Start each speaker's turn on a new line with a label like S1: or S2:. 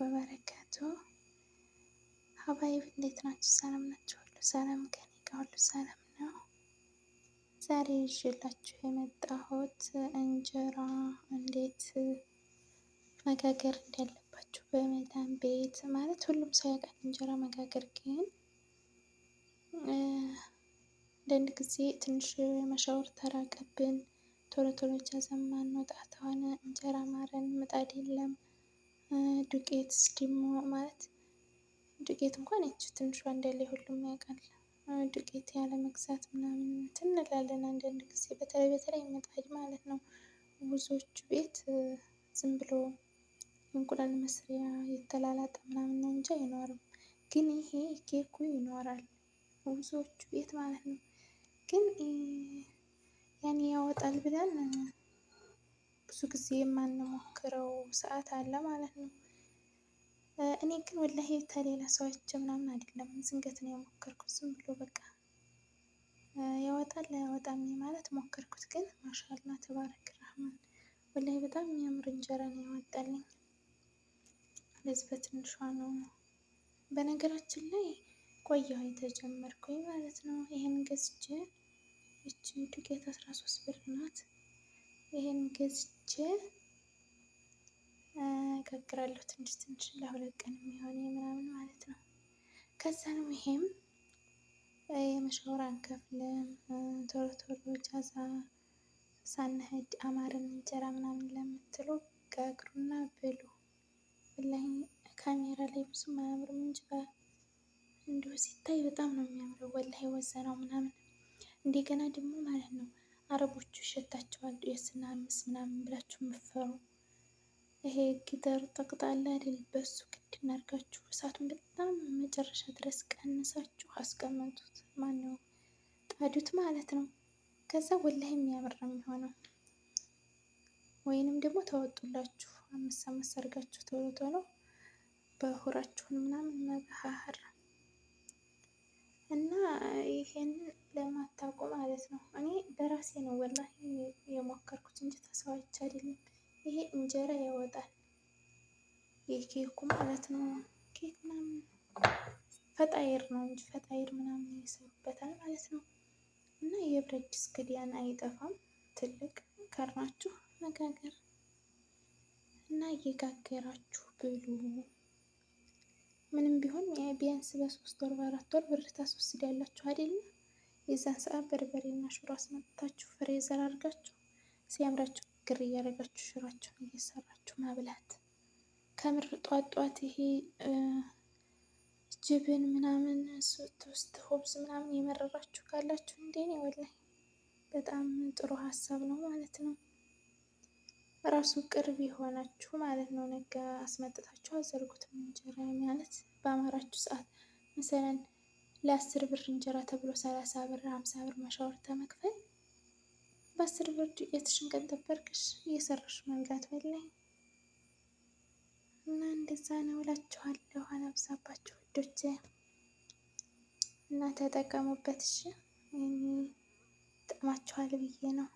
S1: ወበረከቱ። ሀባይብ እንዴት ናችሁ? ሰላም ናችሁ? ሁሉ ሰላም ከኔ ጋር ሁሉ ሰላም ነው። ዛሬ ይዤላችሁ የመጣሁት እንጀራ እንዴት መጋገር እንዳለባችሁ በመዳን ቤት ማለት ሁሉም ሰው ያውቃል እንጀራ መጋገር ግን አንዳንድ ጊዜ ትንሽ መሻወር ተራቀብን ቶሎ ቶሎ ጃዘማን መውጣት ሆነ እንጀራ ማረን ምጣድ የለም ዱቄት ደግሞ ማለት ዱቄት እንኳን ያቺ ትንሽ እንዳለ ሁሉም ያውቃል። ዱቄት ያለ መግዛት ምናምን ትንላለን አንዳንድ ጊዜ በተለይ በተለይ መጣድ ማለት ነው። ብዙዎቹ ቤት ዝም ብሎ እንቁላል መስሪያ የተላላጠ ምናምን ነው እንጂ አይኖርም። ግን ይሄ ኬኩ ይኖራል ብዙዎቹ ቤት ማለት ነው። ግን ያኔ ያወጣል ብለን ብዙ ጊዜ የማንሞክረው ሰዓት አለ ማለት ነው። እኔ ግን ወላሂ ተሌላ ሰዎች ምናምን አይደለም ዝንገት ነው የሞከርኩት። ዝም ብሎ በቃ ያወጣል አያወጣም ማለት ሞከርኩት። ግን ማሻላ ተባረክ ራህማን ወላሂ በጣም የሚያምር እንጀራ ነው ያወጣልኝ። ለዚህ በትንሿ ነው። በነገራችን ላይ ቆየሁ የተጀመርኩኝ ማለት ነው። ይሄን ገዝቼ ይቺ ዱቄት አስራ ሶስት ብር ናት። ይህን ገዝቼ እጋግራለሁ። ትንሽ ትንሽ ለሁለት ቀን የሚሆን ምናምን ማለት ነው። ከዛ ነው ይሄም የመሻወር አንከፍልም ቶሎ ቶሎ ጃዛ ሳንሄድ አማረን እንጀራ ምናምን ለምትሉ ጋግሩና ብሉ። ወላሂ ካሜራ ላይ ብዙ አያምርም እንጂ እንዲሁ ሲታይ በጣም ነው የሚያምረው። ወላሂ ወዘናው ምናምን እንደገና ደግሞ ማለት ነው አረቦቹ ይሸታቸዋል ዱኤስና አምስት ምናምን ብላችሁ የምትፈሩ ይሄ ጊደር ጠቅጣላ አይደል? በሱ ግድና እሳቱን በጣም መጨረሻ ድረስ ቀንሳችሁ አስቀመጡት። ማነው ጣዱት ማለት ነው። ከዛ ወላሂ የሚያምር ነው የሚሆነው። ወይንም ደግሞ ተወጡላችሁ አምስት አምስት አድርጋችሁ ተወጦ ነው በሁራችሁን ምናምን መባሃር እና ይሄን ለማታውቁ ማለት ነው እኔ ራሴ ነው ወላሂ የሞከርኩት እንጂ ተሰዋች አይደለም። ይሄ እንጀራ ያወጣል። የኬኩ ማለት ነው። ኬክ ምናምን ፈጣይር ነው እንጂ ፈጣይር ምናምን ይሰሩበታል ማለት ነው። እና የብረት ድስት ክዳን አይጠፋም። ትልቅ ከርናችሁ መጋገር እና እየጋገራችሁ ብሉ። ምንም ቢሆን ቢያንስ በሶስት ወር በአራት ወር ብር ታስወስዳላችሁ አይደለም። የዛን ሰዓት በርበሬና ሽሮ አስመጥታችሁ ፍሬ ዘር አድርጋችሁ ሲያምራችሁ ግር እያደረጋችሁ ሽሯችሁን እየሰራችሁ ማብላት ከምር ጧት ጧት ይሄ ጅብን ምናምን ስትውስጥ ሆብዝ ምናምን የመረራችሁ ካላችሁ እንዴን ይወላኝ በጣም ጥሩ ሀሳብ ነው ማለት ነው። ራሱ ቅርብ የሆናችሁ ማለት ነው። ነገ አስመጥታችሁ አዘርጉት እንጀራ ማለት በአማራችሁ ሰዓት መሰለን ለአስር ብር እንጀራ ተብሎ ሰላሳ ብር ሀምሳ ብር ማሻወር ተመክፈል በአስር ብር ዱቄትሽን ቀን ጠበርቅሽ እየሰራሽ መብላት በላይ እና እንደዛ ነው እላችኋለሁ። አላብዛባችሁ ውዶቼ እና ተጠቀሙበት እሺ። ይህን ብዬ ነው።